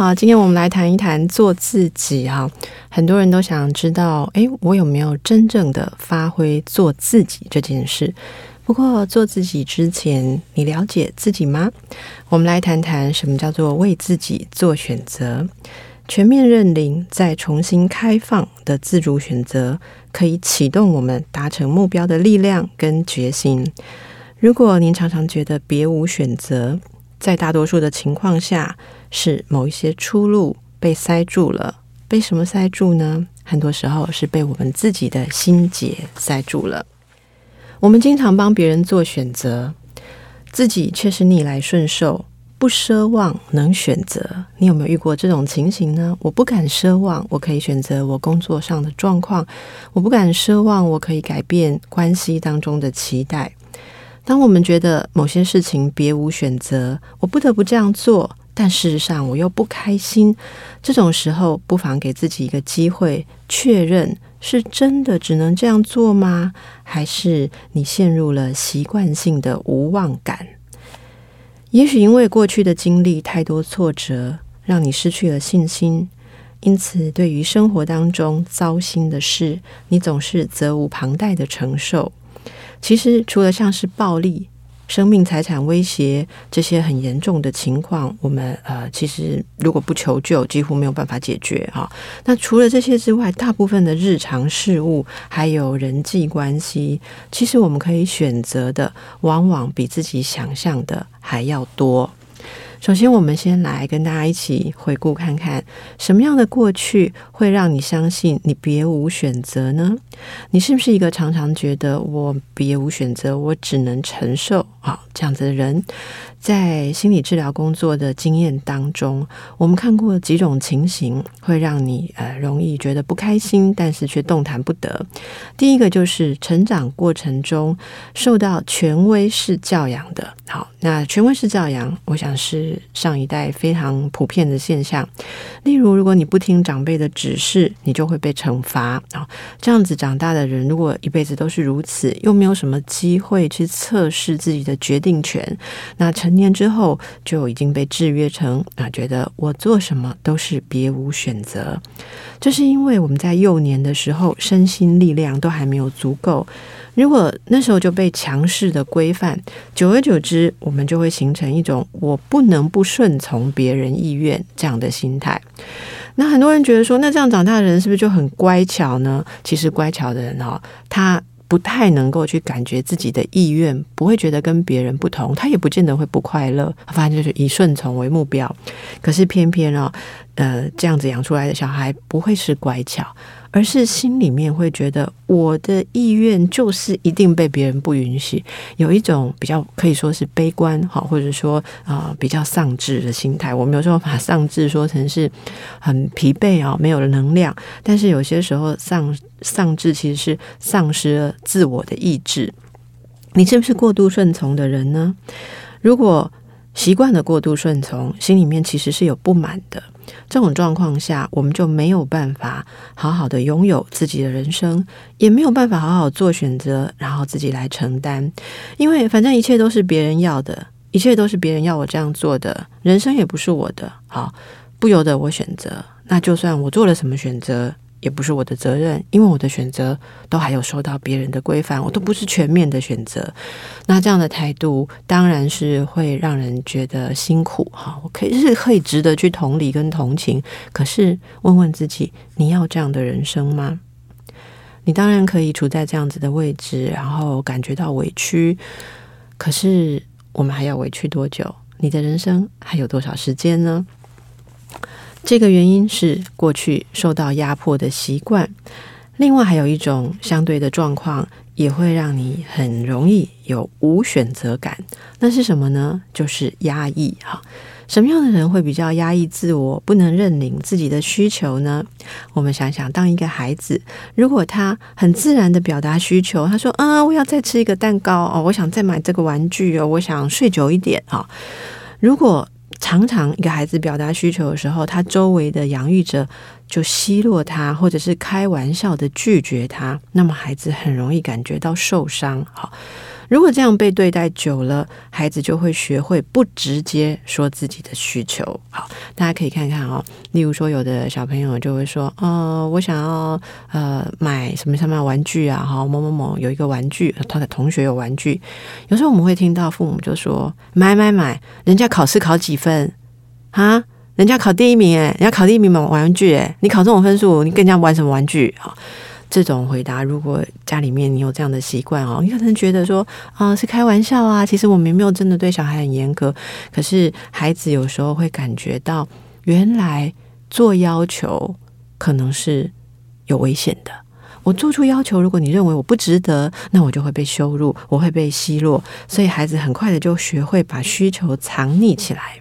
好，今天我們來談一談做自己哈啊。很多人都想知道，哎，我有沒有真正的發揮做自己這件事？不過，做自己之前，你了解自己嗎？我們來談談什麼叫做為自己做選擇。全面認領再重新開放的自主選擇，可以啟動我們達成目標的力量跟決心。如果您常常覺得別無選擇，在大多數的情況下，是某一些出路被塞住了，被什麼塞住呢？很多時候是被我們自己的心結塞住了。我們經常幫別人做選擇，自己卻是逆來順受，不奢望能選擇。你有沒有遇過這種情形呢？我不敢奢望我可以選擇我工作上的狀況，我不敢奢望我可以改變關係當中的期待。當我們覺得某些事情別無選擇，我不得不這樣做。但事實上，我又不開心。這種時候，不妨給自己一個機會，確認是真的只能這樣做嗎？還是你陷入了習慣性的無望感？也許因為過去的經歷太多挫折，讓你失去了信心，因此對於生活當中糟心的事，你總是責無旁貸的承受。其實，除了像是暴力。生命財產威脅這些很嚴重的情況，我們呃，其實如果不求救，幾乎沒有辦法解決哈，哦，那除了這些之外，大部分的日常事務還有人際關係，其實我們可以選擇的，往往比自己想象的還要多。首先，我們先來跟大家一起回顧看看，什麼樣的過去會讓你相信你別無選擇呢？你是不是一個常常覺得我別無選擇，我只能承受？好，這樣子的人，在心理治療工作的經驗當中，我們看過幾種情形會讓你呃容易覺得不開心，但是卻動彈不得。第一個就是成長過程中受到權威式教養的。好，那權威式教養，我想是上一代非常普遍的現象。例如，如果你不聽長輩的指示，你就會被懲罰。這樣子長大的人，如果一輩子都是如此，又沒有什麼機會去測試自己的。決定權，那成年之後就已經被制約成啊，覺得我做什麼都是別無選擇。這是因為我們在幼年的時候身心力量都還沒有足夠，如果那時候就被強勢的規範，久而久之，我們就會形成一種我不能不順從別人意願這樣的心態。那很多人覺得說，那這樣長大的人是不是就很乖巧呢？其實乖巧的人哦，他不太能夠去感覺自己的意願，不會覺得跟別人不同，他也不見得會不快樂。反正就是以順從為目標。可是偏偏哦，呃，這樣子養出來的小孩不會是乖巧，而是心裡面會覺得我的意願就是一定被別人不允許，有一種比較可以說是悲觀哈，或者說啊，呃，比較喪志的心態。我們有時候把喪志說成是很疲憊啊，哦，沒有了能量，但是有些時候喪。喪志其實是喪失了自我的意志。你是不是過度順從的人呢？如果習慣了過度順從，心裡面其實是有不滿的。這種狀況下，我們就沒有辦法好好的擁有自己的人生，也沒有辦法好好做選擇，然後自己來承擔。因為反正一切都是別人要的，一切都是別人要我這樣做的，人生也不是我的，好，不由得我選擇。那就算我做了什麼選擇。也不是我的責任，因為我的選擇都還有受到別人的規範，我都不是全面的選擇。那這樣的態度當然是會讓人覺得辛苦哈。我可以是可以值得去同理跟同情，可是問問自己，你要這樣的人生嗎？你當然可以處在這樣子的位置，然後感覺到委屈。可是我們還要委屈多久？你的人生還有多少時間呢？這個原因是過去受到壓迫的習慣，另外還有一種相對的狀況也會讓你很容易有無選擇感。那是什麼呢？就是壓抑哈。什麼樣的人會比較壓抑自我，不能認領自己的需求呢？我們想想，當一個孩子，如果他很自然地表達需求，他說：“啊，我要再吃一個蛋糕哦，我想再買這個玩具哦，我想睡久一點哈、哦，如果常常，一個孩子表達需求的時候，他周圍的養育者就奚落他，或者是開玩笑的拒絕他，那麼孩子很容易感覺到受傷。好。如果這樣被對待久了，孩子就會學會不直接說自己的需求。好，大家可以看看哦。例如說，有的小朋友就會說：“哦、呃、我想要呃買什麼什麼玩具啊？”某某某有一個玩具，他的同學有玩具。有時候我們會聽到父母就說：“買買買，人家考試考幾分啊？人家考第一名、欸，誒人家考第一名買玩具、欸，誒你考這種分數，你跟人家玩什麼玩具？”好。這種回答，如果家裡面你有這樣的習慣哦，你可能覺得說啊、呃、是開玩笑啊。其實我們沒有真的對小孩很嚴格，可是孩子有時候會感覺到，原來做要求可能是有危險的。我做出要求，如果你認為我不值得，那我就會被羞辱，我會被奚落，所以孩子很快的就學會把需求藏匿起來。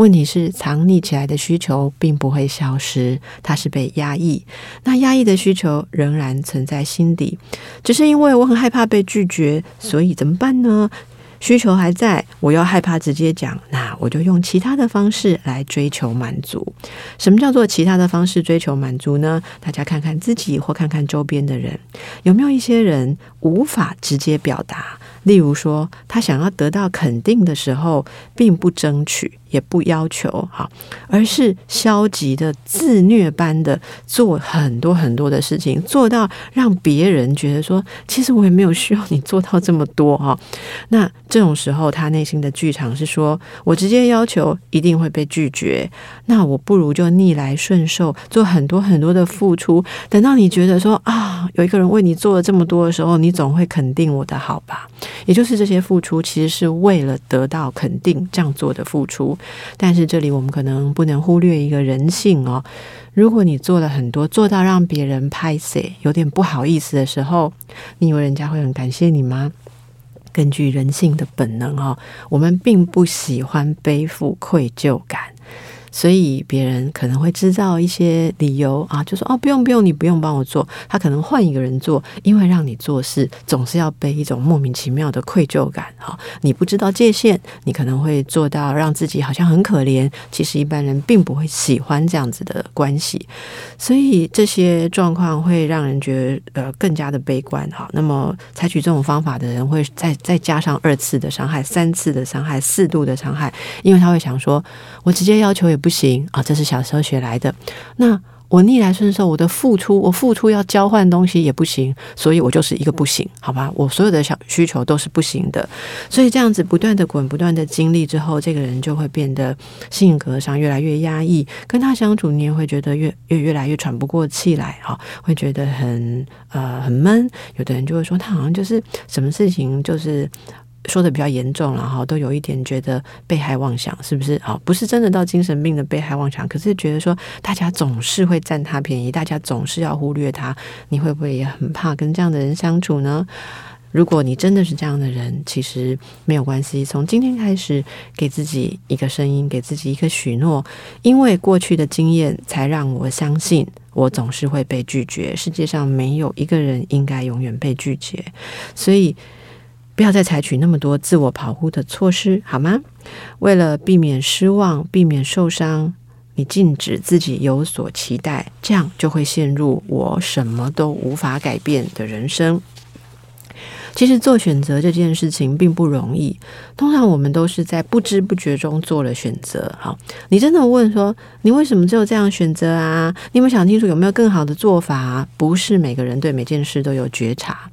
問題是藏匿起來的需求並不會消失，它是被壓抑。那壓抑的需求仍然存在心底，只是因為我很害怕被拒絕，所以怎麼辦呢？需求還在，我又害怕直接講，那我就用其他的方式來追求滿足。什麼叫做其他的方式追求滿足呢？大家看看自己或看看周邊的人，有沒有一些人無法直接表達？例如說，他想要得到肯定的時候，並不爭取，也不要求哈，而是消極的自虐般的做很多很多的事情，做到讓別人覺得說，其實我也沒有需要你做到這麼多哈。那這種時候，他內心的劇場是說，我直接要求一定會被拒絕，那我不如就逆來順受，做很多很多的付出，等到你覺得說啊。有一個人為你做了這麼多的時候，你總會肯定我的好吧？也就是這些付出，其實是為了得到肯定，這樣做的付出。但是這裡我們可能不能忽略一個人性哦。如果你做了很多，做到讓別人拍謝，有點不好意思的時候，你以為人家會很感謝你嗎？根據人性的本能哦，我們並不喜歡背負愧疚感。所以別人可能會製造一些理由啊，就說哦、啊，不用不用，你不用幫我做。他可能換一個人做，因為讓你做事總是要背一種莫名其妙的愧疚感啊、哦。你不知道界限，你可能會做到讓自己好像很可憐。其實一般人並不會喜歡這樣子的關係，所以這些狀況會讓人覺得、呃、更加的悲觀啊、哦。那麼採取這種方法的人會再再加上二次的傷害、三次的傷害、四度的傷害，因為他會想說。我直接要求也不行啊，哦，這是小時候學來的。那我逆來順受，我的付出，我付出要交換東西也不行，所以我就是一個不行，好吧？我所有的小需求都是不行的，所以這樣子不斷的滾，不斷的經歷之後，這個人就會變得性格上越來越壓抑，跟他相處你也會覺得越越越來越喘不過氣來啊，哦，會覺得很呃很悶。有的人就會說他好像就是什麼事情就是。說的比較嚴重，然後都有一點覺得被害妄想，是不是？哦，不是真的到精神病的被害妄想，可是覺得說大家總是會佔他便宜，大家總是要忽略他，你會不會也很怕跟這樣的人相處呢？如果你真的是這樣的人，其實沒有關係。從今天開始，給自己一個聲音，給自己一個許諾，因為過去的經驗，才讓我相信我總是會被拒絕。世界上沒有一個人應該永遠被拒絕，所以。不要再採取那麼多自我保護的措施，好嗎？為了避免失望，避免受傷，你禁止自己有所期待，這樣就會陷入“我什麼都無法改變”的人生。其實做選擇這件事情並不容易，通常我們都是在不知不覺中做了選擇。好，你真的問說，你為什麼只有這樣選擇啊？你有沒有想清楚有沒有更好的做法？不是每個人對每件事都有覺察，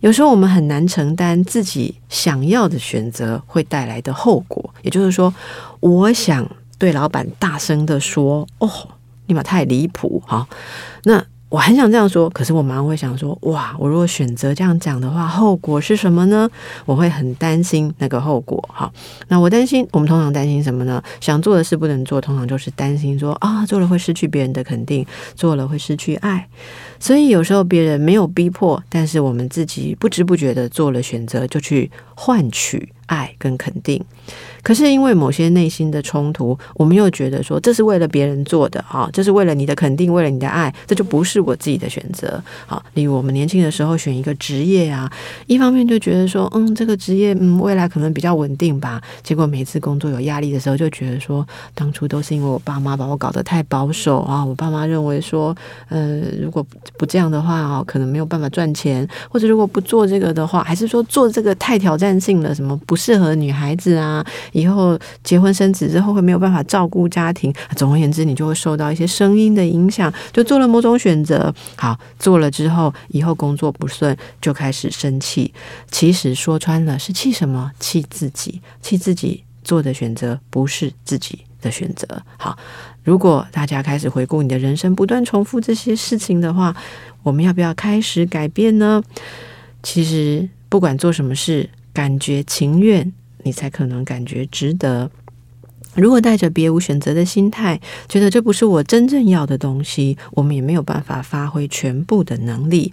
有時候我們很難承擔自己想要的選擇會帶來的後果。也就是說，我想對老闆大聲的說：“哦，你媽太離譜！”好，那。我很想這樣說，可是我馬上會想說，哇！我如果選擇這樣講的話，後果是什麼呢？我會很擔心那個後果。好，那我擔心，我們通常擔心什麼呢？想做的事不能做，通常就是擔心說啊、哦，做了會失去別人的肯定，做了會失去愛。所以有時候別人沒有逼迫，但是我們自己不知不覺的做了選擇，就去換取愛跟肯定。可是因為某些內心的衝突，我們又覺得說這是為了別人做的啊，這是為了你的肯定，為了你的愛，這就不是我自己的選擇啊。例如我們年輕的時候選一個職業啊，一方面就覺得說嗯，這個職業嗯未來可能比較穩定吧。結果每次工作有壓力的時候，就覺得說當初都是因為我爸媽把我搞得太保守啊。我爸媽認為說呃如果不這樣的話啊，可能沒有辦法賺錢，或者如果不做這個的話，還是說做這個太挑戰性了，什麼不適合女孩子啊。以後結婚生子之後會沒有辦法照顧家庭，總而言之，你就會受到一些聲音的影響，就做了某種選擇。好，做了之後，以後工作不順，就開始生氣。其實說穿了是氣什麼？氣自己，氣自己做的選擇不是自己的選擇。好，如果大家開始回顧你的人生，不斷重複這些事情的話，我們要不要開始改變呢？其實不管做什麼事，感覺情願，你才可能感覺值得。如果帶着別無選擇的心態，覺得這不是我真正要的東西，我們也沒有辦法發揮全部的能力。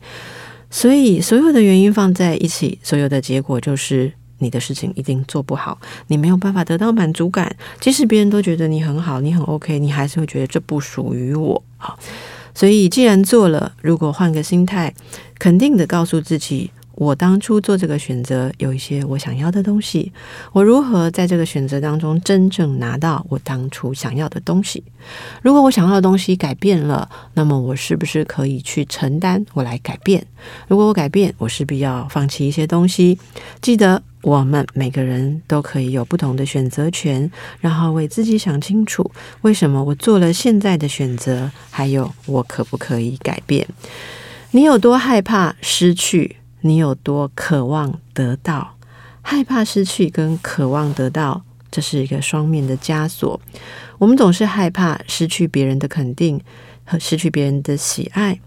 所以，所有的原因放在一起，所有的結果就是你的事情一定做不好，你沒有辦法得到滿足感。即使別人都覺得你很好，你很 OK，你還是會覺得這不屬於我。好，所以既然做了，如果換個心態，肯定的告訴自己。我當初做這個選擇，有一些我想要的東西。我如何在這個選擇當中真正拿到我當初想要的東西？如果我想要的東西改變了，那麼我是不是可以去承擔？我來改變？如果我改變，我勢必要放棄一些東西。記得，我們每個人都可以有不同的選擇權，然後為自己想清楚：為什麼我做了現在的選擇？還有，我可不可以改變？你有多害怕失去？你有多渴望得到，害怕失去，跟渴望得到，這是一個雙面的枷鎖。我們總是害怕失去別人的肯定和失去別人的喜愛，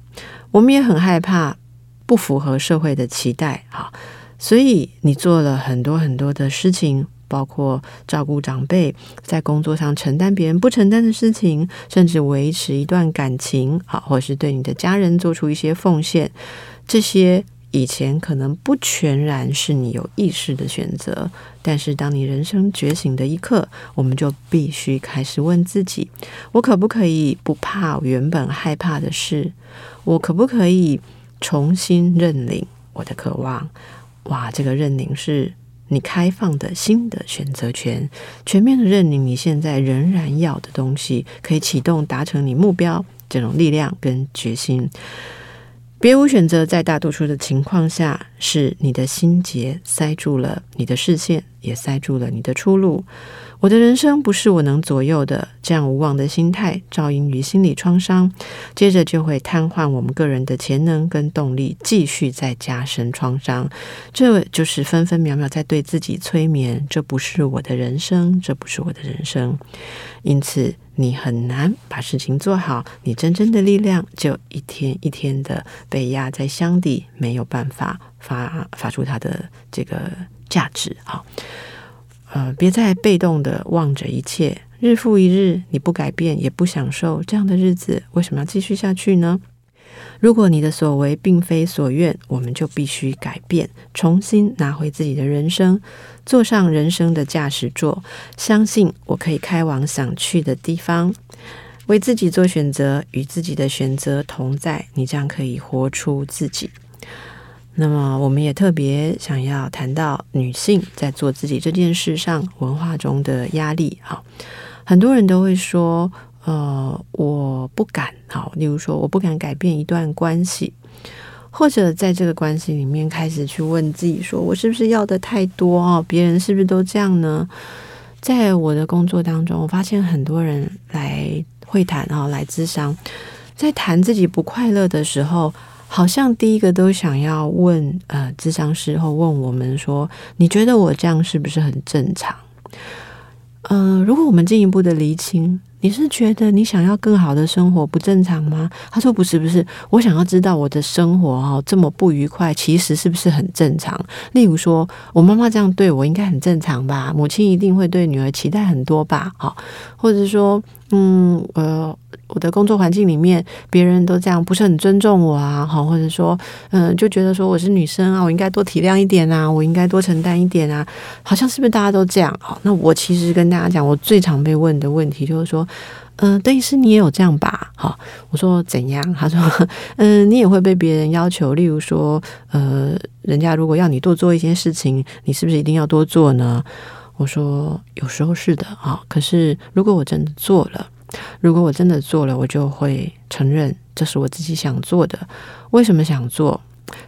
我們也很害怕不符合社會的期待，好，所以，你做了很多很多的事情，包括照顧長輩，在工作上承擔別人不承擔的事情，甚至維持一段感情，好，或是對你的家人做出一些奉獻，這些。以前可能不全然是你有意識的選擇，但是當你人生覺醒的一刻，我們就必須開始問自己：我可不可以不怕原本害怕的事？我可不可以重新認領我的渴望？哇，這個認領是你開放的新的選擇權，全面的認領你現在仍然要的東西，可以啟動達成你目標，這種力量跟決心。別無選擇，在大多數的情況下，是你的心結塞住了你的視線。也塞住了你的出路。我的人生不是我能左右的，這樣無望的心態，肇因於心理創傷，接着就會癱瘓我們個人的潛能跟動力，繼續再加深創傷。這就是分分秒秒在對自己催眠。這不是我的人生，這不是我的人生。因此，你很難把事情做好。你真正的力量，就一天一天的被壓在箱底，沒有辦法發發出它的這個。價值，啊、哦，呃，別再被動的望着一切，日復一日，你不改變也不享受這樣的日子，為什麼要繼續下去呢？如果你的所為並非所願，我們就必須改變，重新拿回自己的人生，坐上人生的駕駛座，相信我可以開往想去的地方，為自己做選擇，與自己的選擇同在，你將可以活出自己。那麼，我們也特別想要談到女性在做自己這件事上文化中的壓力。哈，很多人都會說，呃，我不敢。好，例如說，我不敢改變一段關係，或者在這個關係裡面開始去問自己，說我是不是要的太多？哦，別人是不是都這樣呢？在我的工作當中，我發現很多人來會談啊，來諮商，在談自己不快樂的時候。好像第一個都想要問，呃，諮商時候問我們說，你覺得我這樣是不是很正常？呃，如果我們進一步的釐清，你是覺得你想要更好的生活不正常嗎？他說不是，不是，我想要知道我的生活哈、喔、這麼不愉快，其實是不是很正常？例如說我媽媽這樣對我應該很正常吧？母親一定會對女兒期待很多吧？好、喔，或者說。嗯，呃，我的工作環境裡面，別人都這樣，不是很尊重我啊，好，或者說，嗯、呃，就覺得說我是女生啊，我應該多體諒一點啊，我應該多承擔一點啊，好像是不是大家都這樣？好，那我其實跟大家講，我最常被問的問題就是說，嗯、呃，鄧醫師，你也有這樣吧？好，我說怎樣？他說，嗯、呃，你也會被別人要求，例如說，呃，人家如果要你多做一些事情，你是不是一定要多做呢？我說，有時候是的啊。可是，如果我真的做了，如果我真的做了，我就會承認這是我自己想做的。為什麼想做？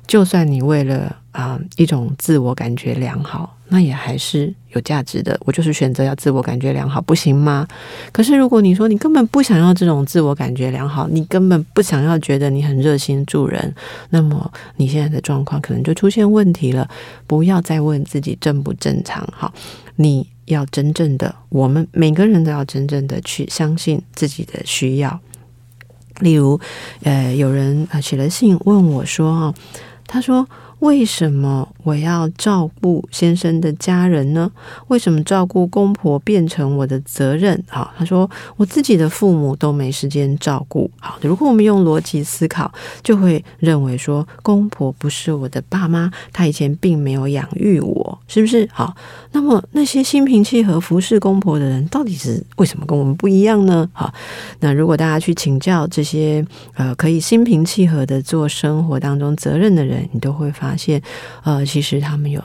就算你為了啊、呃、一種自我感覺良好，那也還是有價值的。我就是選擇要自我感覺良好，不行嗎？可是如果你說你根本不想要這種自我感覺良好，你根本不想要覺得你很熱心助人，那麼你現在的狀況可能就出現問題了。不要再問自己正不正常，好！你要真正的，我們每個人都要真正的去相信自己的需要。例如，呃，有人啊呃、寫了信問我，說，哈，他說。為什麼我要照顧先生的家人呢？為什麼照顧公婆變成我的責任？好，哦，他說我自己的父母都沒時間照顧。好，如果我們用邏輯思考，就會認為說，公婆不是我的爸媽，他以前並沒有養育我，是不是？好，那麼那些心平氣和服侍公婆的人，到底是為什麼跟我們不一樣呢？好，那如果大家去請教這些呃可以心平氣和的做生活當中責任的人，你都會發。發現，呃，其實他們有。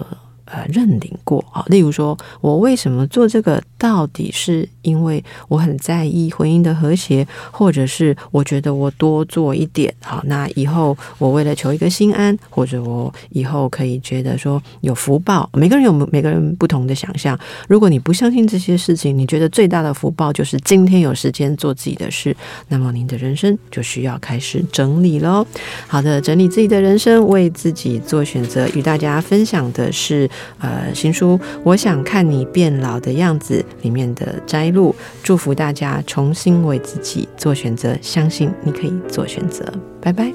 呃，認領過啊。例如說，我為什麼做這個？到底是因為我很在意婚姻的和諧，或者是我覺得我多做一點好。那以後我為了求一個心安，或者我以後可以覺得說有福報。每個人有每個人不同的想象。如果你不相信這些事情，你覺得最大的福報就是今天有時間做自己的事，那麼你的人生就需要開始整理嘍。好的，整理自己的人生，為自己做選擇。與大家分享的是，呃，新書，我想看你變老的樣子，裡面的摘錄，祝福大家重新為自己做選擇，相信你可以做選擇，拜拜。